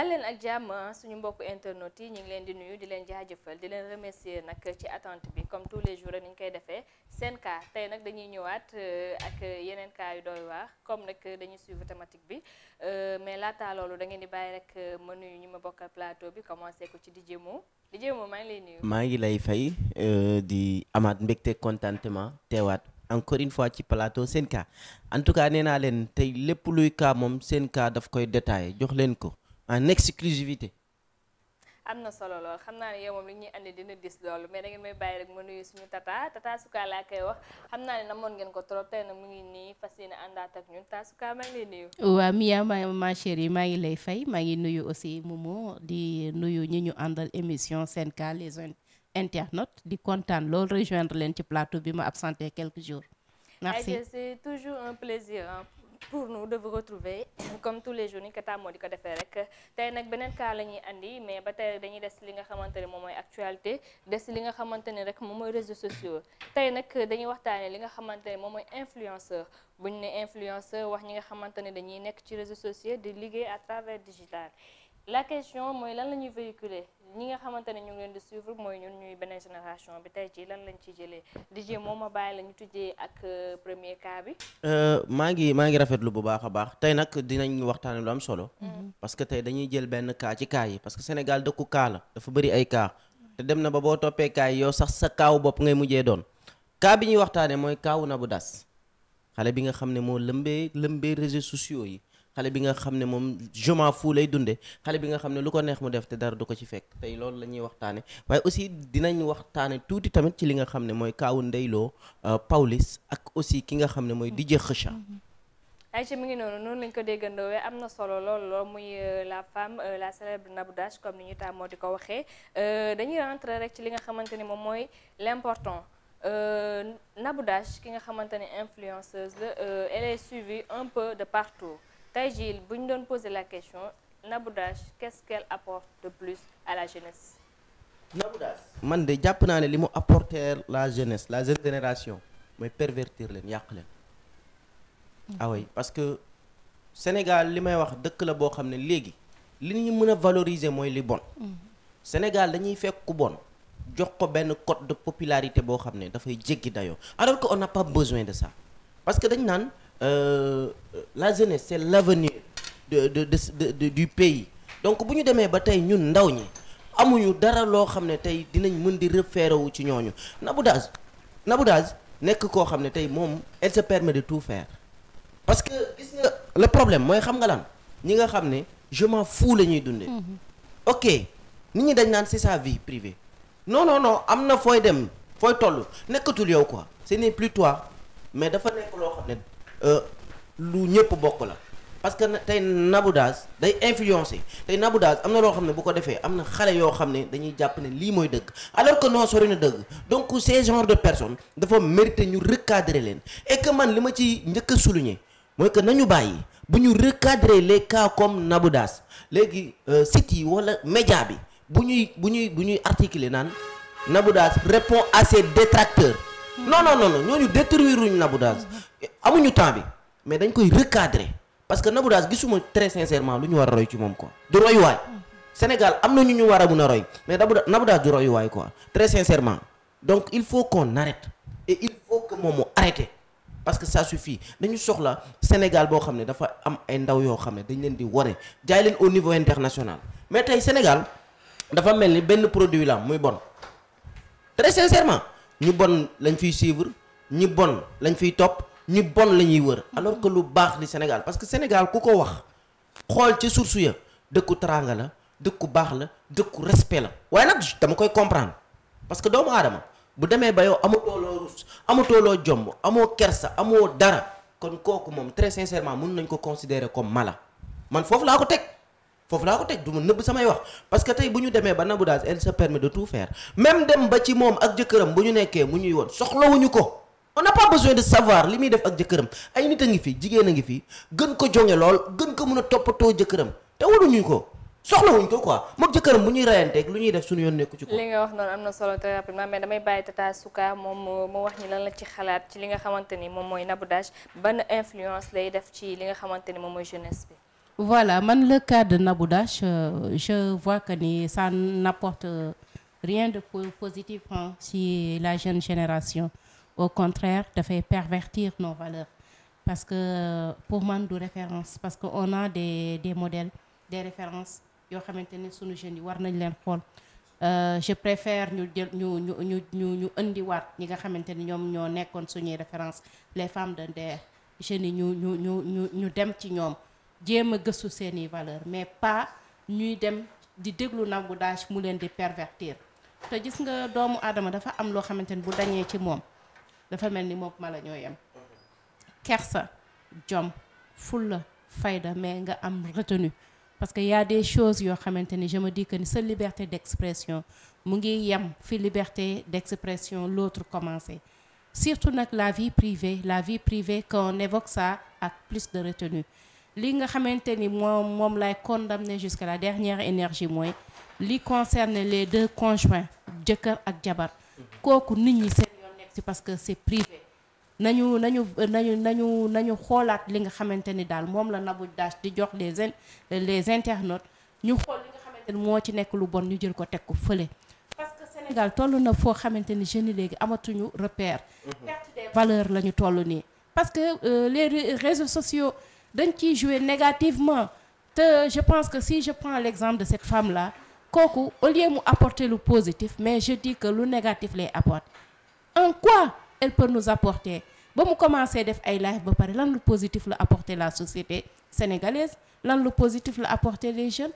dal leen ak jàmm suñu mbokku internet yi ñu ngi leen di nuyu di leen jaajëfal di leen remercier nag ci attente bi comme tous les jours ni ñu koy defee seen kaa tey nag dañuy ñëwaat euh, ak yeneen kaa yu doy waar comme nag dañuy suivre thématique bi euh, mais laata loolu da ngeen di bàyyi rek euh, ma nuyu ñi ma bokkal plateau bi commencé ko ci DJ Mo DJ maa ngi lay nuyu. maa ngi lay fay di amaat mbégte contentement teewaat. encore une fois ci plateau seen cas en tout cas nee naa leen tey lépp luy cas moom seen cas daf koy détaillé jox leen ko am na solo lool xam naa ne yow moom li ñuy andi dina dis loolu mais da ngeen may bàyyi rek ma nuyu suñu tata tata Souka laa koy wax xam naa ne namoon ngeen ko trop tey nag mu ngi nii fas yéene àndaat ak ñun tata Souka maa ngi nuyu. waaw Mia ma ma chérie maa ngi lay fay maa ngi nuyu aussi Momo di nuyu ñu ñu àndal émission seen Cas les internautes di kontaan lool rejoindre leen ci plateau bi ma absenté quelques jours. merci c'est toujours un plaisir. pour nou de vous retrouver comme tous les jours ni ko tàmmoo di ko defee rek tey nag beneen cas la ñuy andi mais ba tey dañuy des li nga xamante ne moom mooy actualité des li nga xamante ne rek moom mooy réseaux sociaux tey nag dañuy waxtaanee li nga xamante ne moom mooy influenceur bu ñu ne influenceur wax ñi nga xamante ne dañuy nekk ci réseaux sociaux di liggéey à travers digital la question mooy lan la ñuy véhiculer ñi nga xamante ne ñu ngi leen di suivre mooy ñun ñuy beneen génération bi tey ci lan lañ ci jëlee DJ moom ma bàyyi la ñu tujjee ak euh, premier cas bi. Euh, maa ngi maa ngi rafetlu bu baax a baax tey nag dinañ waxtaane lu am solo. Mm-hmm. parce que tey dañuy jël benn cas ci cas yi parce que Sénégal dëkku cas la dafa bari ay cas. te dem na ba boo toppee cas yow sax sa kaaw bopp ngay mujjee doon cas bi ñuy waxtaane mooy kaawu Nabou Dash xale bi nga xam ne moo lëmbee lëmbee réseaux sociaux yi. xale bi nga xam ne moom je m'en fous lay dundee xale bi nga xam ne lu ko neex mu def te dara du ko ci fekk tey loolu la waxtaane waaye aussi dinañ waxtaane tuuti tamit ci li nga xam ne mooy kaawu ndeyloo euh, Pawlish ak aussi ki nga xam ne mooy DJ mm-hmm. Kheucha mm-hmm. Aïcha mi ngi noonu noonu lañ ko déggandoowee am na solo lool lool muy euh, la femme euh, la célèbre Nabou Dash comme ni ñu tàmmoo di ko waxee dañuy rentrer rek ci li nga xamante ni moom mooy l'important Nabou Dash ki nga xamante ni influenceuse la elle est suivie un peu de tey jii bu ñu doon poser la question Nabou Dash qu'est-ce qu'elle apporte de plus à la jeunesse. Nabou man de jàpp naa ne li mu apporter la jeunesse la jeune génération mooy pervertir leen yàq leen. ah oui parce que Sénégal li may wax dëkk la boo xam ne léegi li ñu mën a valoriser mooy li bon. Mm-hmm. Sénégal dañuy fekk ku bon. jox ko benn code de popularité boo xam ne dafay jéggi dayoo alors on n'a pas besoin de ça parce dañ naan. Euh, la jeunesse c'est l'avenir de de de du pays donc bu ñu demee ba tey ñun ndaw ñi amuñu dara loo xam ne tey dinañ mën di référé wu ci ñooñu Nabou Dash nekk koo xam ne tey moom elle se permet de tout faire parce que gis nga le problème mooy xam nga lan ñi nga xam ne je m'en fous la ñuy dundee. Mm-hmm. ok nit ñi dañ naan c'est sa vie privée non non non am na fooy dem fooy toll nekkatul yow quoi ce n'est plus toi mais dafa nekk loo xam ne. Euh, lu ñëpp bokk la parce que tey nabudaas day influencé tey nabudaas am na loo xam ne bu ko defee am na xale yoo xam ne dañuy jàpp ne lii mooy dëkk alors que non sori na dëgg donc ces de personne dafa mérité ñu recadrer leen et que man li ma ci njëkk a souligner mooy que nañu bàyyi bu ñu recadrer les cas comme nabudaas léegi euh, site yi wala média bi bu ñuy bu ñuy bu ñuy articuler naan nabudaas répond à ses détracteurs non non non ñooñu détruire wuñ Nabou Dash amuñu temps bi mais dañ koy recadrer parce que Nabou Dash gisuma très sincèrement lu ñu war a roy ci moom quoi du royuwaay Sénégal am na ñu ñu war a mun a roy mais Nabou Dash du royuwaay quoi très sincèrement donc il faut qu'on arrête et il faut que moom mu arrêté parce que ça su suffit dañu soxla Sénégal boo xam ne dafa am ay ndaw yoo xam ne dañ leen di ware jaay leen au niveau international mais tey Sénégal dafa mel ni benn produit la am muy ñu bon lañ fiy suivre ñi bon lañ fiy topp ñu bon la ñuy wër alors que lu baax li Sénégal parce que Sénégal ku ko wax xool ci source ya dëkku teraanga la dëkku baax la dëkku respect la waaye nag dama koy comprendre parce que doomu aadama bu demee ba yow amatoo rus amatoo jomb amoo kersa amoo dara kon kooku moom très sincèrement mun nañ ko considérer comme mala man foofu laa ko teg. foofu laa ko teg du ma nëbb samay wax parce que tey bu ñu demee ba Nabou Dash elle se permet de tout faire même dem ba ci moom ak jëkkëram bu ñu nekkee mu ñuy woon soxlawuñu ko on n'a pas besoin de savoir li muy def ak jëkkëram ay nit a ngi fi jigéen a ngi fi gën ko jonge lool gën ko mun a toppatoo jëkkëram te waruñu ko soxlawuñ ko quoi moom jëkkëram bu ñuy reyanteeg lu ñuy def suñu yoon nekku ci ko li nga wax noonu am na solo très rapidement mais damay bàyyi lan la ci xalaat ci li nga xamante ni moom mooy Nabou Dash ban lay def ci li nga xamante ni moom mooy jeunesse bi voilà man la cas de Nabou Dash euh, je vois que ni ça n'apporte euh, rien de positif hein, si la jeune génération au contraire dafay pervertir nos valeur parce que euh, pour man du référence parce que on a des des modèles des références yoo xamante ni suñu jeunes yi war nañ leen xool euh, je préfère ñu jël ñu ñu ñu ñu ñu indiwaat ñi nga xamante ni ñoom ñoo nekkoon suñuy référence les femmes de DER jeunes ñu ñu ñu ñu ñu dem ci ñoom jéem a gëstu seeni valeur mais pas ñuy dem di déglu nangu daaj mu leen di pervertir te gis nga doomu aadama dafa am loo xamante ni bu dañee ci moom dafa mel ni moom ma la ñoo yem kersa jom fulla fayda mais nga am retenu parce que y a des choses yoo xamante ni je me dis que ni sa liberté d'expression mu ngi yem fi liberté d'expression l'autre commencé surtout nag la vie privée la vie privée qu'on évoque ça ak plus de retenue li nga xamante ni moom moom lay condamné jusqu'à la dernière énergie mooy li concerne les deux conjoints jëkkër ak jabar kooku nit ñi seen yoon nekk si parce que c'est privé nañu nañu nañu nañu xoolaat li nga xamante ni daal moom la Nabou Dash di jox les les internautes ñu xool li nga xamante ni moo ci nekk lu bon ñu jël ko teg ko fële parce que Sénégal toll na foo xamante ni jeunes léegi amatuñu repère mm-hmm. perte lañu valeurs toll nii parce que euh, les réseaux sociaux dañ ciy jouer négativement te je pense que si je prends l'exemple de cette femme là kooku au lieu mu apporter lu positif mais je dis que lu négatif lay apporte en quoi elle peut nous apporter ba mu commencé def ay live ba pare lan lu positif la apporter la société sénégalaise lan lu positif la apporter les jeunes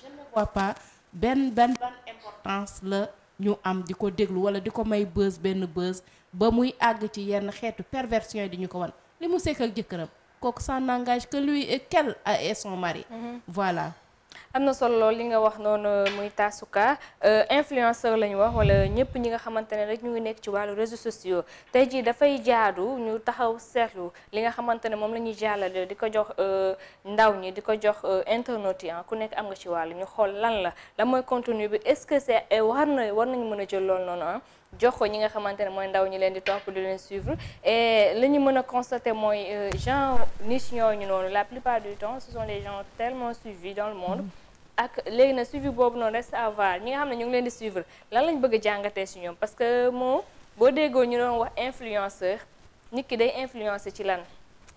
je ne vois pas benn benn ban importance la ñu am di ko déglu wala di ko may bës benn bës ba muy àgg ci yenn xeetu perversion yi di ko wan li mu sekk ak jëkkëram kooku ça n'engage que lui et qu'elle et mhm. voilà. am na solo lool li nga wax noonu muy taasuka euh, influenceur la ñu wax walla ñëpp ñi nga xamante ne rek ñu ngi nekk ci wàllu réseaux sociaux tey jii dafay jaadu ñu taxaw seetlu li nga xamante ne moom la ñuy jàllale di ko jox euh, ndaw ñi di ko jox euh, internet yi ah, ku nekk am nga ci wàllu ñu xool lan la la mooy bi est-ce war na war nañu mën jël lool noonu ah jox ko ñi nga xamante ne mooy ndaw ñi leen di topp di leen suivre et li ñu mën a constater mooy euh, gens niche ñu noonu la plupart du temps ce sont des gens tellement suivis dans le mm-hmm. léegi na suivi boobu noonu reste à voir ñi nga xam ne ñu ngi leen di suivre lan lañ bëgg a jàngatee si ñoom parce que moo boo déggoo ñu doon wax influenceur nit ki day influencer ci lan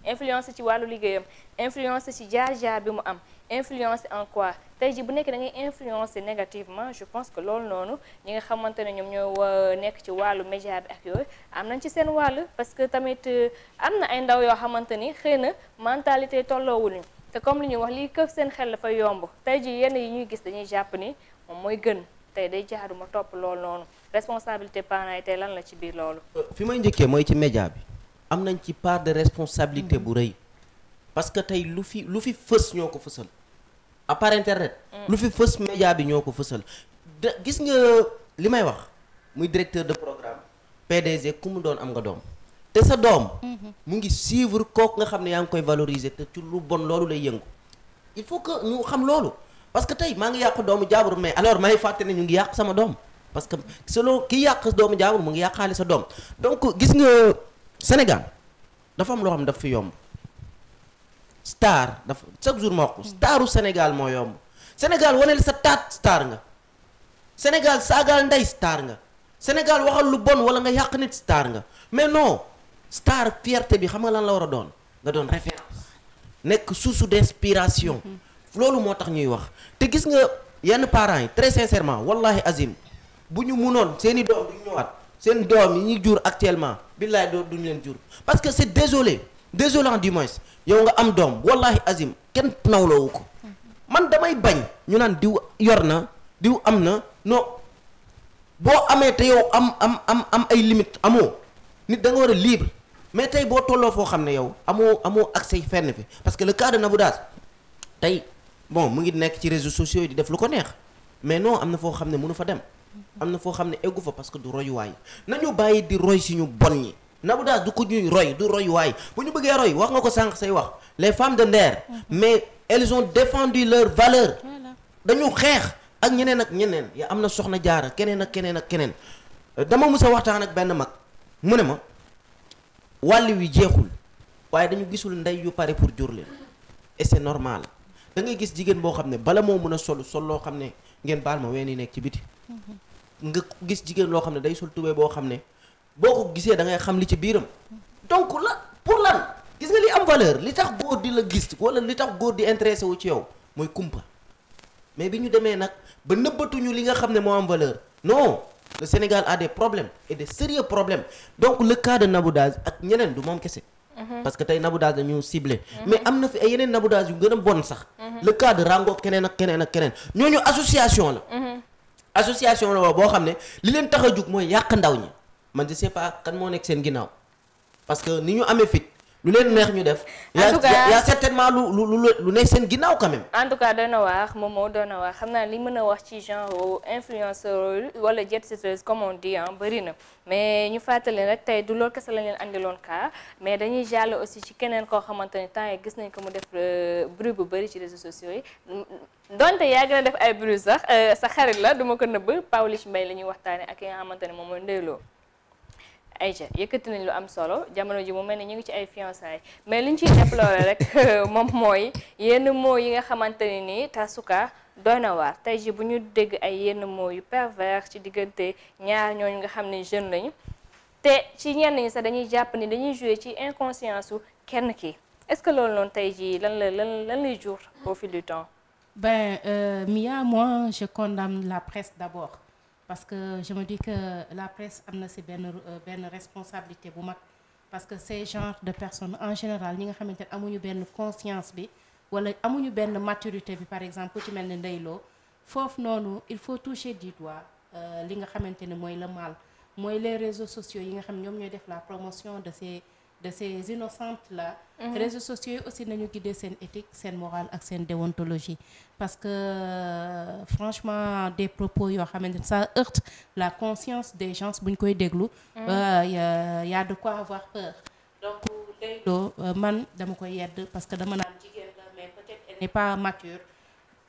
influencer ci wàllu liggéeyam influencer ci jaar-jaar bi mu am influencer en quoi tey ji bu nekk da ngay influencer négativement je pense que loolu noonu ñi nga xamante ne ñoom ñoo euh, nekk ci wàllu média bi ak yooyu am nañ ci seen wàll parce que tamit euh, am na ay ndaw yoo xamante ni xëy na mentalité tolloowuñu te comme li ñuy wax lii këf seen xel dafa yomb tey ji yenn yi ñuy gis dañuy jàpp ni moom mooy gën tey day jaadu ma topp loolu noonu responsabilité parents yi tey lan la ci biir loolu. Euh, fi may njëkkee mooy ci média bi am nañ ci part de responsabilité mhm. bu rëy parce que tey lu fi lu fi fës ñoo ko fësal. à part internet. lu fi fës média bi ñoo ko fësal. de gis nga li may wax muy directeur de programme PDG ku mu doon am nga doom te sa doom. mu ngi suivre kook nga xam ne yaa ngi koy valoriser te ci lu bon loolu lay yëngu. il faut que ñu xam loolu parce que tey maa ngi yàq doomu jaabur mais alors may fàtte ne ñu ngi yàq sama doom parce que selon ki yàq doomu jaabur mu ngi yàqaale sa doom donc gis nga Sénégal dafa am loo xam ne daf fi yomb. star dafa chaque jour ma wax ko staru Sénégal moo yomb Sénégal waneel sa taat star nga Sénégal saagaal ndey star nga Sénégal waxal lu bon wala nga yàq nit star nga mais non star fierté bi xam nga lan la war a doon nga doon référence nekk source d'inspiration loolu moo tax ñuy wax te gis nga yenn parent yi très sincèrement wallahi azim bu ñu munoon seen i doom duñ ñëwaat seen doom yi ñu jur actuellement billaay doo duñ leen jur parce que c'est désolé désolant du moins yow nga am doom wallahi azim kenn nawloowu ko man damay bañ ñu naan diw yor na diw am na non boo amee te yow am am am am ay limite amoo nit da war a libre mais tey boo tolloo foo xam ne yow amoo amoo accès fenn bi parce que le cas na Nabou Dash tey bon mu ngi nekk ci réseaux sociaux yi di def lu ko neex mais noo am na foo xam ne mënu fa dem am na foo xam ne eggu fa parce que du royuwaay nañu bàyyi di roy si ñu bon ñi Nabou Dash du ko ñuy roy du roy waay bu ñu bëggee roy wax nga ko sànq say wax les femmes de Nder mhm. mais elles ont défendu leurs valeurs dañu xeex ak ñeneen ak ñeneen ya am na soxna jaara keneen ak keneen ak keneen euh, dama musa waxtaan ak benn mag mu ne ma wàll wi jeexul waaye dañu gisul ndey yu pare pour jur leen et normal da ngay gis jigéen boo xam ne bala moo mën a sol sol loo xam ne ngeen baal ma ween yi nekk ci biti mhm. nga gis jigéen loo xam ne day sol tubéy boo xam ne boo ko gisee da ngay xam li ci biiram donc la pour lan gis nga li am valeur li tax góor di la gis wala li tax góor di intéressé wu ci yow mooy kumpa mais bi ñu demee nag ba nëbbatuñu li nga xam ne moo am valeur non le Sénégal a des problèmes et des sérieux problèmes donc le cas de ak ñeneen du moom kese. Mhm. parce que tey Nabou Dash dañu ciblé. Mhm. mais am na fi ay yeneen Nabou yu gën a bon sax. Mhm. le cas de keneen ak keneen ak keneen ñooñu association la. association la boo xam ne li leen tax a jug mooy yàq ndaw ñi. man je sais pas kan moo nekk seen ginnaaw parce que ni ñu amee fit lu leen neex ñu def. en tout cas certainement lu lu lu lu nekk seen ginnaaw quand même. en tout cas doon na wax moom moo doon na xam naa li mën a wax ci genre influenceur wala jet setteuse comme on dit ah bëri na mais ñu fàttali rek tey du loolu kese la leen andiloon kaa mais dañuy jàll aussi ci keneen koo xamante ne temps yi gis nañ ko mu def euh, bruit bu bëri ci réseaux sociaux yi donte yaa gën a def ay bruit sax euh, sa xarit la duma ko nëbb Pawlish Mbaye la ñuy waxtaanee ak yi ne moom mooy Ndeye Aïcha yëkkati nañ lu am solo jamono ji mu mel ne ñu ngi ci ay fiançailles mais ñu ciy déploré rek moom mooy yenn mots yi nga xamante ne nii tasuka doy na waar tey ji bu ñu dégg ay yenn mots yu pervers ci diggante ñaar ñooñu nga xam ne jeune lañu te ci ñenn ñi sax dañuy jàpp ni dañuy jour ci inconscience su kenn ki est-ce que loolu noonu tey jii lan la lan lan lay jur au fil du temps. ben euh, Mia moi je condamne la presse d'abord parce que je me dis que la presse am na si benn euh, benn responsabilité bu mag parce que ces genres de personne en général ñi nga xamante ni amuñu benn conscience bi wala amuñu benn maturité bi par exemple ku ci mel ni ndeyloo foofu noonu il faut toucher du doigt euh, li nga xamante ne mooy le mal mooy les réseaux sociaux yi nga xam ñoom ñooy def la promotion de se de ces innocentes là. Mmh. réseaux sociaux yi aussi nañu guider seen éthique seen morale ak seen déontologie parce que euh, franchement des propos yoo xamante ne ça heurte la conscience des gens bu ñu koy déglu. Mhm. Euh, y a de quoi avoir peur. donc léegi euh, man dama koy yedd parce que dama naan jigéen la mais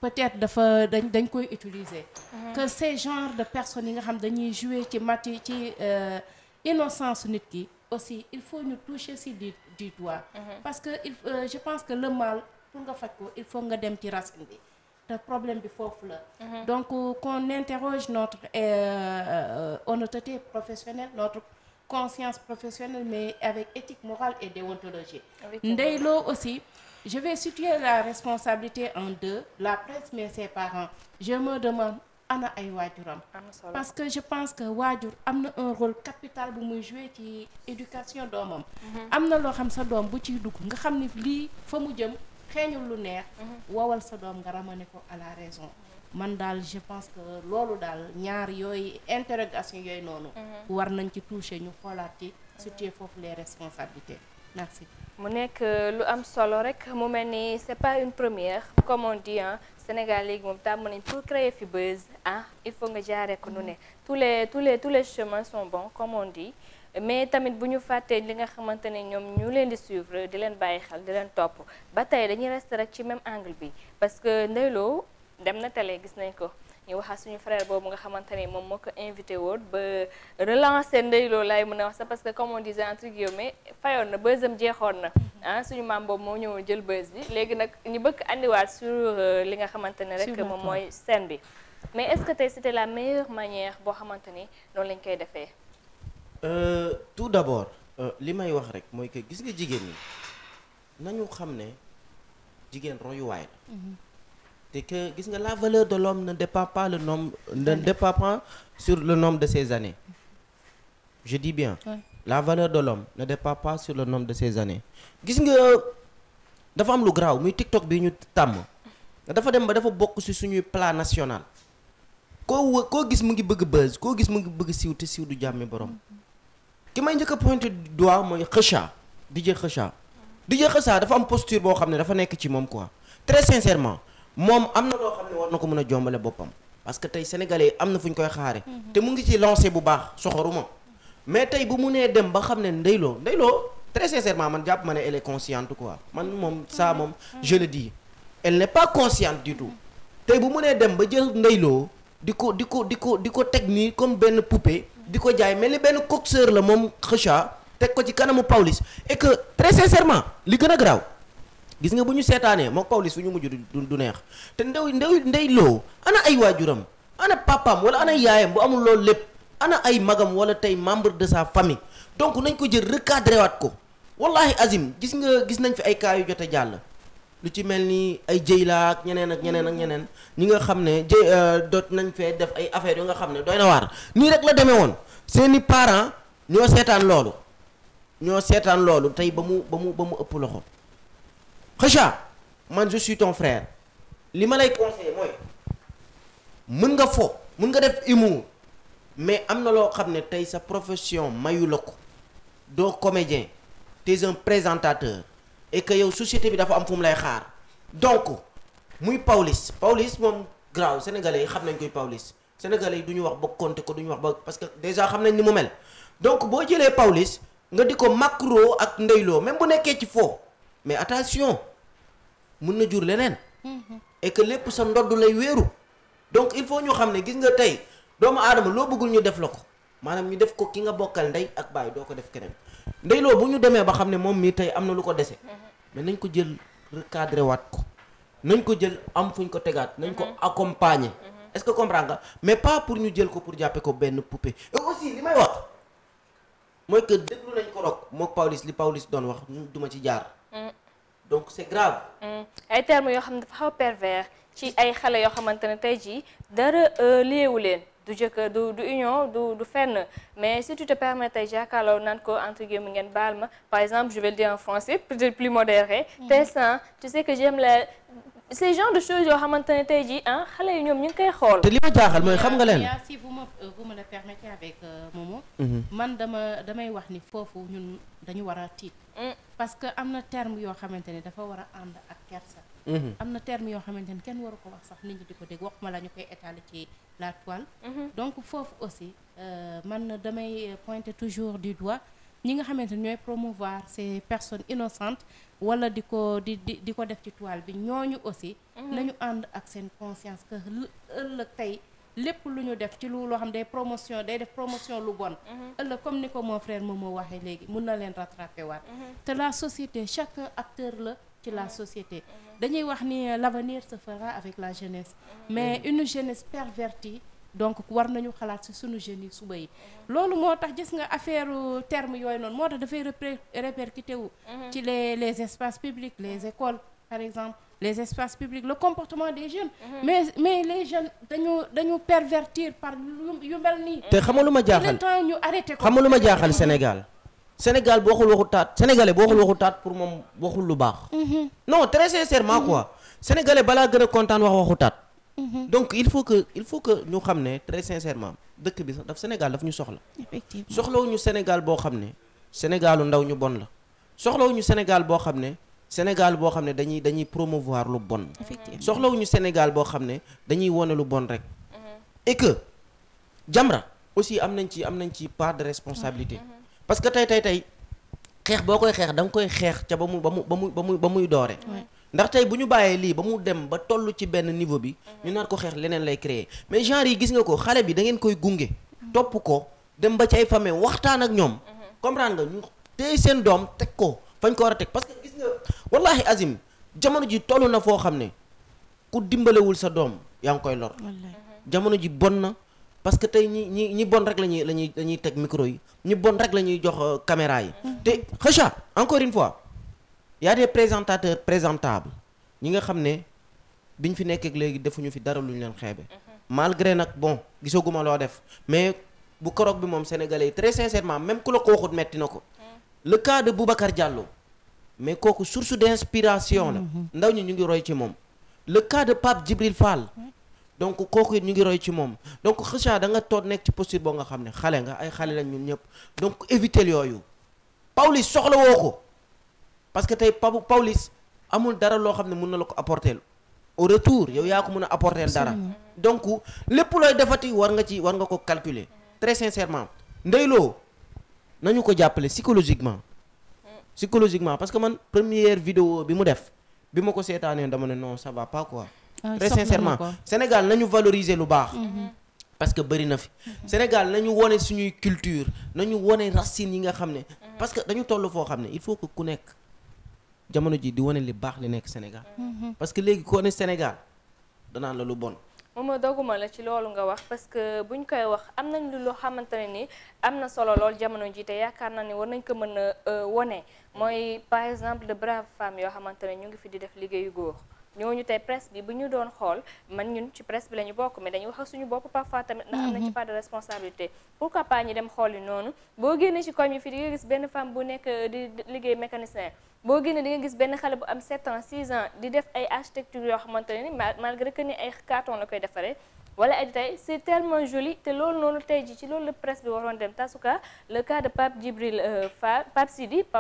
peut-être dafa dañ dañ koy utiliser. Mhm. que ces genres de personnes yi nga xam dañuy jouer ci mati ci innocence nit ki. aussi il faut ñu toucher si du du doigt. Mm-hmm. parce que il euh, je pense que le mal pour nga faj ko il faut nga dem ci racine bi te problème bi foofu la. Mm-hmm. donc euh, qu'on interroge notre euh, euh, honnêteté professionnelle notre conscience professionnelle mais avec éthique morale et déontologie. Ndeye Lo aussi. Je vais situer la responsabilité en deux, la presse mais ses parents. Je me demande ana ay waajuram parce que je pense que waajur am na un rôle capital bu muy jouer ci éducation doomam mhm. am na loo xam sa doom bu ciy dugg nga xam ni lii fa mu jëm xeeñul lu neex mhm. wowal sa doom nga ramener ko à la raison mhm. man daal je pense que loolu daal ñaar yooyu interrogation yooyu noonu war nañ ci toucher ñu xoolaat ci situer foofu les responsabilités merci mu nekk euh, lu am solo rek mu mel ni c'est pas une première common on Sénégal léegi moom tàmm nañu pour créer fi buzz ah il faut nga jaaree ko nu ne mm-hmm. tous les tous les tous les chemins sont bons comme on mais tamit bu ñu fàttee li nga xamante ne ñoom ñu leen di suivre di leen bàyyi xel di leen topp ba tey dañuy rester rek ci même angle bi parce que Ndeye dem na tele gis nañ ko. ñu waxaat suñu frère boobu nga xamante ne moom moo ko invité woon ba relancer Ndeye laay mën a wax sax parce que comme on disait entre guillemets fayoon na bësam jeexoon na ah suñu maam boobu moo ñëwoon jël bës bi léegi nag ñu bëgg andiwaat sur euh, li nga xamante ne rek moom mooy scène bi mais est-ce que tey c'était la meilleure manière boo xamante ni noonu lañ koy defee euh, tout d'abord euh, li may wax rek mooy que gis nga jigéen ñi nañu xam ne jigéen royuwaay la mm-hmm. te que gis nga la valeur de l'homme ne dépend pas le nombre sur le nombre de ses années je dis bien la valeur de l'homme ne dépend pas sur le nombre de ses années gis nga dafa am lu garaaw muy TikTok bi ñu tàmm dafa dem ba dafa bokk si suñuy plan national koo koo gis mu ngi bëgg buzz koo gis mu ngi bëgg siiw te siiw du jàmmi borom ki may njëkk a pointé du doigt mooy Kheucha DJ Kheucha DJ Kheucha dafa am posture boo xam ne dafa nekk ci moom quoi très sincèrement moom am na loo xam ne war na ko mën a jombale boppam parce que tey sénégalais am na fu ñu koy xaare mhm. te mu ngi ci lancé bu baax soxoruma mais tey bu mu nee dem ba xam ne ndeyloo ndeyloo très sincèrement man jàpp ma ne elle est consciente quoi man moom saa mhm. moom mhm. je le dis elle n'est pas consciente du tout tey bu mu nee dem ba jël ndeyloo di ko di ko di ko di ko teg nii comme benn poupée di ko jaay mel ni benn coxeur la moom xëcha teg ko ci kanamu Pawlish et que très sincèrement li gën a garaaw gis nga bu ñu seetaanee mook Pawlish fu ñu mujj du du neex te ndew ndew ndey loo ana ay waajuram ana papaam wala ana yaayam bu amul loolu lépp ana ay magam wala tey membre de sa famille donc nañ ko jël recadré waat ko wallahi azim gis nga gis nañ fi ay cas yu jote jàll lu ci mel ni ay jëy laa ak ñeneen ak ñeneen ak ñeneen ñi nga xam ne jëy euh, doot nañ fee def ay affaires yu nga xam ne doy na waar nii rek la demee woon seeni parents ñoo seetaan loolu ñoo seetaan loolu tey ba mu ba mu ba mu ëpp loxo Kheucha man je suis ton frère li ma lay conseiller mooy mën nga fo mën nga def humour mais am na loo xam ne tey sa profession mayu la ko doo comédien t'es un présentateur et que yow société bi dafa am fu mu lay xaar donc muy Pawlish Pawlish moom graw sénégalais yi xam nañ koy Pawlish sénégale yi du ñu wax ba compter ko duñu ñu wax ba parce que déjà xam nañ ni mu mel donc boo jëlee Pawlish nga di ko macro ak ndeyloo même bu nekkee ci foo mais attention mun na jur leneen. Mm-hmm. et que lépp sa ndodd lay wéeru. donc il faut ñoo xam ne gis nga tey doomu aadama loo bëggul ñu def la ko maanaam ñu def ko ki nga bokkal ndey ak baay doo ko def keneen ndey loo bu ñu demee ba xam ne moom mii tey am na lu ko dese. Mm-hmm. mais nañ ko jël recadré waat ko nañ ko jël am fuñ ko tegaat nañ ko mm-hmm. accompagner. est-ce que comprends nga mais pas pour ñu jël ko pour jàppe ko benn poupée et aussi li may wax mooy que déglu nañ ko rok mook Pawlish doon wax duma ci jaar donc c'est grave. Mm. ay termes yoo xam ne dafa xaw a ci ay xale yoo xamante ne tey jii dara euh, léewu leen du jëkkër du du union du du fenn mais si tu te permets tey jàkkaarloo naan ko entre guillemets ngeen baal ma par exemple je vais le dire en français peut-être plus modéré. Mm. t'es sain tu sais que j'aime la ces genre de choses yoo xamante ne tey jii ah xale yi ñoom ñu ngi koy xool. te li ma jaaxal mooy xam nga leen. si vous me vous me le permettez avec euh, Momo. Mm-hmm. man dama damay wax ni foofu ñun dañu war a tiit. Eh, parce que am na terme yoo xamante ni dafa war a ànd ak kersa. Mhm. am na terme yoo xamante ni kenn waru ko wax sax nit ñi di ko dégg waxuma la ñu koy étaler ci la toile. Mhm. donc foofu aussi euh, man na damay pointer toujours du doigt ñi nga xamante ne ñooy promouvoir ces personnes innocentes wala di ko di di di ko def ci toile bi ñoo ñu aussi. Mhm. nañu ànd ak seen conscience que ëllëg tey. lépp lu ñu def ci lu loo xam day promotion day def promotion lu bon. Mhm. ëllëg comme ni ko mon frère moom moo waxee léegi mun na leen rattrapé waat. Mhm. te la société chaque acteur la ci la mhm. société. dañuy wax ni euh, l'avenir se fera avec la jeunesse. mais une jeunesse pervertie. donc war nañu xalaat ci sunu jeunes yi suba yi loolu moo tax gis nga affaire euh, terme yooyu noonu moo tax dafay répercuté wu. ci les les espaces publics les écoles par exemple. les espaces publics le comportement des jeunes. Mhm. mais mais les jeunes dañu dañu pervertir par yu mel nii. Mhm. te xam nga lu ma jaaxal ñu arrêté xam nga lu ma jaaxal Sénégal. Sénégal boo waxul waxu taat sénégalais boo waxul waxu taat pour moom waxul lu baax. Mhm. non très sincèrement quoi. sénégalais balaa gën a kontaan wax waxu taat. donc il faut que il faut que ñu xam ne très sincèrement dëkk bi sax daf Sénégal daf ñu soxla. effectivement soxlawuñu Sénégal boo xam ne. Sénégalu ndaw ñu bon la. soxlawuñu Sénégal boo xam ne. Sénégal boo xam ne dañuy dañuy promouvoir lu bon. effectivement soxlawuñu Sénégal boo xam ne dañuy wone lu bon rek. Mm-hmm. et que Jamra aussi am nañ ci am nañ ci part de responsabilité. Mm-hmm. Mm-hmm. parce que tey tey tey xeex boo koy xeex da nga koy xeex ca ba mu ba mu ba mu ba muy ba muy doore. ndax tey bu ñu bàyyee lii ba mu dem ba toll ci benn niveau bi. ñu naat ko xeex leneen lay créer mais genre yi gis nga ko xale bi da ngeen koy gunge. topp ko dem ba ci ay famille waxtaan ak ñoom. comprendre nga ñu téye seen doom teg ko. fañ ko war a teg parce que gis nga wallahi azim jamono ji toll na foo xam ne ku dimbalewul sa doom yaa ngi koy lor jamono ji bon na parce que tey ñi ñi ñi bon rek la ñuy la ñuy la teg micro yi ñi bon rek la ñuy jox euh, caméra yi mm-hmm. te xëcha encore une fois y a des présentateurs ñi nga xam ne bi ñu fi nekk ak léegi defuñu fi dara lu ñu leen xeebe mm-hmm. malgré nag bon gisaguma loo def mais bu koroog bi moom sénégalais yi très sincèrement même ku la ko waxut metti na ko le cas de Boubacar Diallo mais kooku source d'inspiration la. Mhm. ndaw ñi ñu ngi roy ci moom. le cas de Pape Djibril donc kooku it ñu ngi roy ci moom donc xëcca da nga toog nekk ci posture boo nga xam ne xale nga ay xale lañ ñun ñëpp donc éviter yooyu Pawlish soxla woo ko parce que tey Paw Pawlish amul dara loo xam ne mun na la ko apporter au retour yow yaa ko mun a apporter dara donc lépp looy defati war nga ci war nga ko calculer très sincèrement ndeyloo nañu ko jàppale psychologiquement psychologiquement parce que man première video bi mu def bi ma ko seetaanee dama ne non ça va pas quoi ah, très sincèrement Sénégal valoriser lu baax mhm. parce que bëri na fi Sénégal nañu wone suñuy culture nañu wone racines yi nga xam ne mhm. parce que dañu toll foo xam ne il faut que ku nekk jamono ji di wone li baax li nekk Sénégal mhm. parce que léegi kone Sénégal danaa la lu bon moom doguma la ci loolu nga wax parce que buñ koy wax am nañ lu loo xamante ne ni am na solo loolu jamono jiite yaakaar naa ni war nañ ko mën a euh, wone mooy par exemple de braves femmes yoo xamante ne ñu ngi fi di def liggéeyu góor ñooñu tey presse bi bu ñu doon xool man ñun ci presse bi la ñu bokk mais dañuy wax suñu bopp parfois tamit ndax am na ci mhm. part de responsabilité pourquoi pas ñu dem xool yi noonu boo génnee ci koñ yi fii di nga gis benn femme bu nekk di liggéey mécanicien boo génnee di nga gis benn xale bu am 7 ans 6 an di def ay architecture yoo xamante ne ni malgré que ni ay carton la koy defaree wala ay détail c'est tellement joli te loolu noonu tey ji ci loolu la waroon dem tasuka le cas de euh,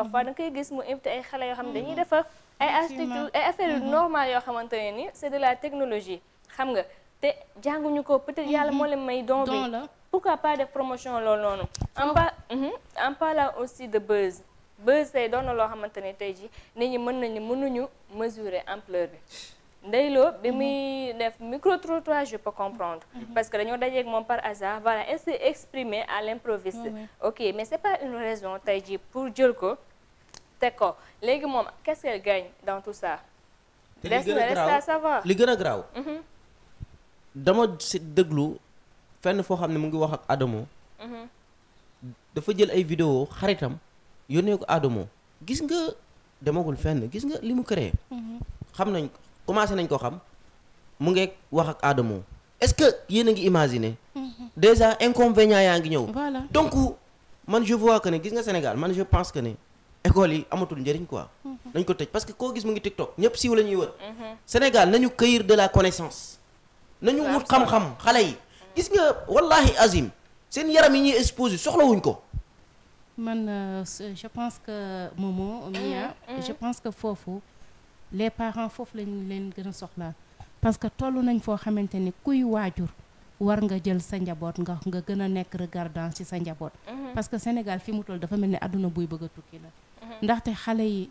mhm. gis mu invité ay xale yoo xam ne mhm. dañuy defar ay institut ay affaire mm-hmm. normal yoo xamante ne ni c'est de la technologie xam nga te jànguñu ko peut-être mm-hmm. yàlla moo leen may don bi pourquoi pas def promotion loolu noonu en pas mm-hmm. en parlant aussi de buzz buzz tey doon na loo xamante ne tey ji nit ñi mën nañu mënuñu mesurer ampleur bi ndeyloo bi muy def micro trottoir je peux comprendre mm -hmm. parce que dañoo dajeeg moom par hasard voilà elle s'est exprimée à l'improviste mm -hmm. ok mais c'est pas une raison tey ji pour jël ko teg ko léegi moom qu'est-ce qu'elle gagne dans tout ça. li gën a graaw mm-hmm. dama si déglu fenn foo xam ne mu ngi wax ak Adamo. Mm-hmm. dafa jël ay vidéo xaritam yónnee ko Adamo gis nga demagul fenn gis nga li mu créé. Mm-hmm. xam nañ commencé nañ ko xam mu ngi wax ak Adamo est-ce que yéen a ngi imaginer. déjà inconvénient yaa ngi ñëw. donc man je vois que ne gis nga Sénégal man je pense que ne. école yi amatul njëriñ quoi. Mhm. nañ ko tëj parce que koo gis mu ngi TikTok ñëpp siiw la ñuy wër. Mhm. Sénégal nañu cueillir de la connaissance. nañu wut xam-xam xale yi. gis nga wallahi azim seen yaram yi ñuy exposé soxlawuñ ko. man euh, je pense que Momo mhm, Mia je pense que foofu les parents foofu lañ leen gën a soxlaa parce que toll nañ foo xamante ni kuy waajur war nga jël sa njaboot nga nga gën a nekk regardant ci sa njaboot. parce que Sénégal fi mu toll dafa mel ni àdduna buy bëgg tukki la. ndaxte xale yi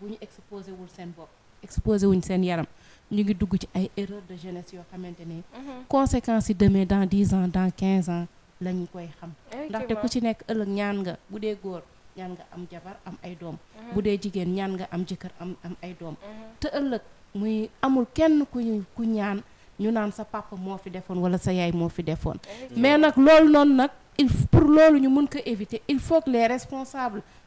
bu ñu exposé wul seen bopp exposé wuñ seen yaram ñu ngi dugg ci ay erreur de jeunesse yoo xamante ni mhm. conséquence yi demee dans dix ans dans quinze ans la koy xam ndaxte ku ci nekk ëllëg ñaan nga bu dee góor ñaan nga am jabar am ay doom mhm. bu dee jigéen ñaan nga am jëkkër am am ay doom mhm. te ëllëg muy amul kenn ku ku ñaan ñu naan sa papa moo fi defoon wala sa yaay moo fi defoon mais nag loolu noonu nag il pour loolu ñu mën ko éviter il faut que les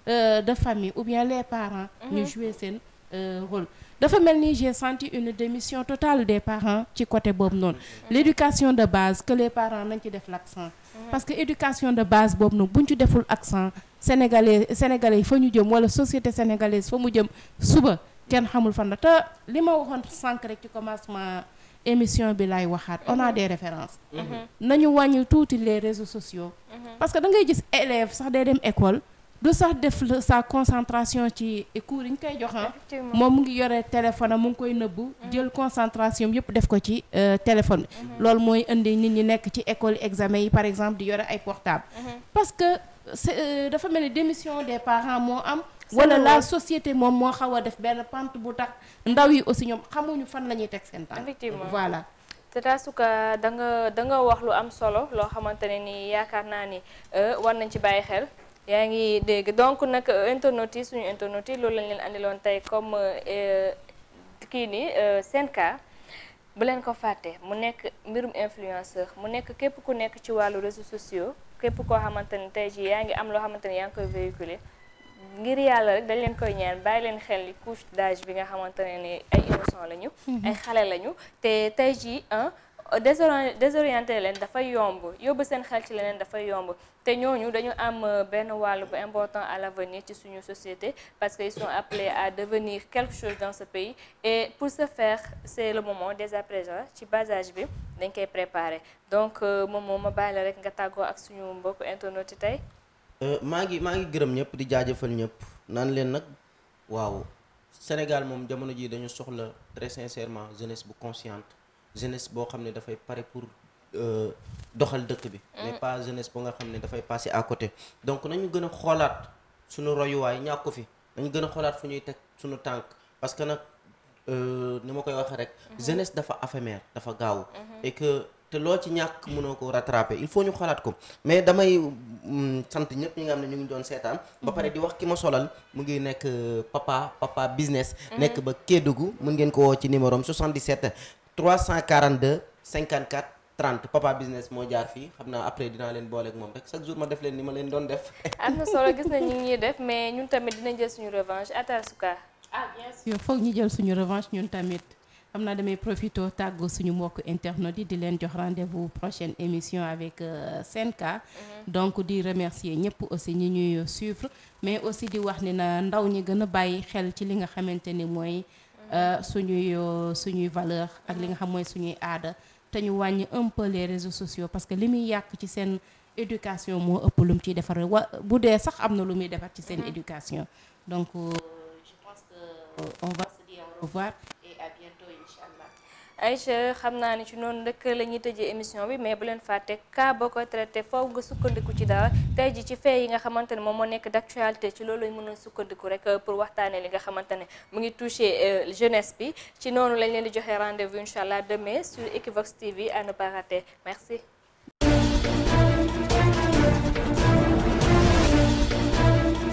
euh, de famille ou bien les parents ñu mhm. jouer seen euh, rôle dafa mel ni j'ai senti une démission totale des parents ci côté boobu noonu mhm. l'éducation de base que les parents nañ ci def l'accent mhm. parce que éducation de base boobu noonu ñu ci deful accent sénégalais sénégalais fa ñu jëm wala société sénégalaise fa mu jëm suba kenn xamul fan na te li ma waxoon sànq rek ci commencement émission bi laay waxaat on a des références nañu wàññi tuuti les réseaux sociaux parce que da ngay gis élèves sax day dem école du sax def sa concentration ci cours yi ñu koy jox ah. moom mu ngi yore téléphone am mu ngi koy nëbbu mm-hmm. jël concentration yëpp def ko ci euh, téléphone bi mm-hmm. loolu mooy indi nit ñi nekk ci école examen yi par exemple di yore ay portable mm-hmm. parce que euh, dafa mel ni démission des parent moo am wala la société moom moo xaw a def benn pente bu tax ndaw yi aussi ñoom xamuñu fan la ñuy teg seen tànk voilà te Souka da nga da nga wax lu am solo loo xamante ne ni yaakaar naa ni euh, war nañ ci bàyyi xel yaa ngi dégg donc nag euh, internautes suñu internautes loolu lañ leen andiloon tey comme euh, kii ni euh, seen cas bu leen ko fàtte mu nekk mbirum influenceur mu nekk képp ku nekk ci wàllu réseaux sociaux képp koo xamante ni tey jii yaa ngi am loo xamante yaa ngi koy véhiculer ngir yàlla rek dañ leen koy ñaan bàyyi leen xel couche d'âge bi nga xamante ne ni ay innocent lañu. Mhm. ay xale lañu te tey jii désorienté leen dafay yomb yóbbu seen xel ci leneen dafay yomb te ñooñu dañu am euh, benn wàll bu important à l'avenir ci suñu société parce que ils sont appelés à devenir quelque chose dans ce pays et pour ce faire c'est le moment dès à présent ci basage bi dañ koy préparer donc moom euh, moo ma bàyyi rek nga tàggoo ak suñu mbokk internautes yi tey euh, maa ngi maa ngi gërëm ñëpp di jaajëfal ñëpp naan leen nag waaw Sénégal moom jamono ji dañu soxla très sincèrement jeunesse bu consciente jeunesse boo xam ne dafay pare pour euh, doxal dëkk bi mm. mais pas jeunesse boo nga xam ne dafay passer à côté donc nañu gën a xoolaat suñu royuwaay ko fi nañu gën a xoolaat fu ñuy teg suñu tànk parce que nag euh, ni ma koy waxee rek mm-hmm. jeunesse dafa éphémère dafa gaaw mm-hmm. et que te loo ci ñàkk mënoo ko rattraper il faut ñu xalaat ko mais damay mm, sant ñëpp ñi nga xam ne ñu ngi doon seetaan ba pare mm-hmm. di wax ki ma solal mu ngi nekk euh, papa papa business nekk ba Kédougou mën ngeen ko woo ci numéro am 77 342 54 30 papa business moo jaar fii xam naa après dinaa leen booleeg moom rek chaque jour ma def leen ni ma leen doon def. am na solo gis nañ ñu ngi ñuy def mais ñun tamit dina jël suñu revanche atasuka. ah bien sûr foog ñu jël suñu revanche ñun tamit. xam naa damay profito tàggu suñu mbokk internet yi di leen jox rendez-vous prochaine émission avec euh, Sen mhm. donc di remercier ñëpp aussi ñu ñuy suivre mais aussi di wax ni na ndaw ñi gën a bàyyi xel ci li nga xamante ni mooy Euh, suñuy euh, suñuy valeur ak li nga xam mooy suñuy aada te ñu wàññi un peu les réseaux sociaux parce que li muy yàq ci seen éducation moo ëpp lu mu ciy defar wa bu dee sax am na lu muy defar ci seen mm-hmm. éducation donc euh, je pense que on revoir Aïcha xam naa ni ci noonu rek la ñuy tëjee émission bi mais bu leen fàtte cas boo koy traité faw nga sukkandiku ci dara tey ji ci fee yi nga xamante ne moom moo nekk d'actualité ci loolu lañ mën a sukkandiku rek euh, pour waxtaanee li nga xamante ne mu ngi touché euh, jeunesse bi ci noonu lañ leen di joxe rendez-vous incha allah demain sur Equivox TV à ne pas rater merci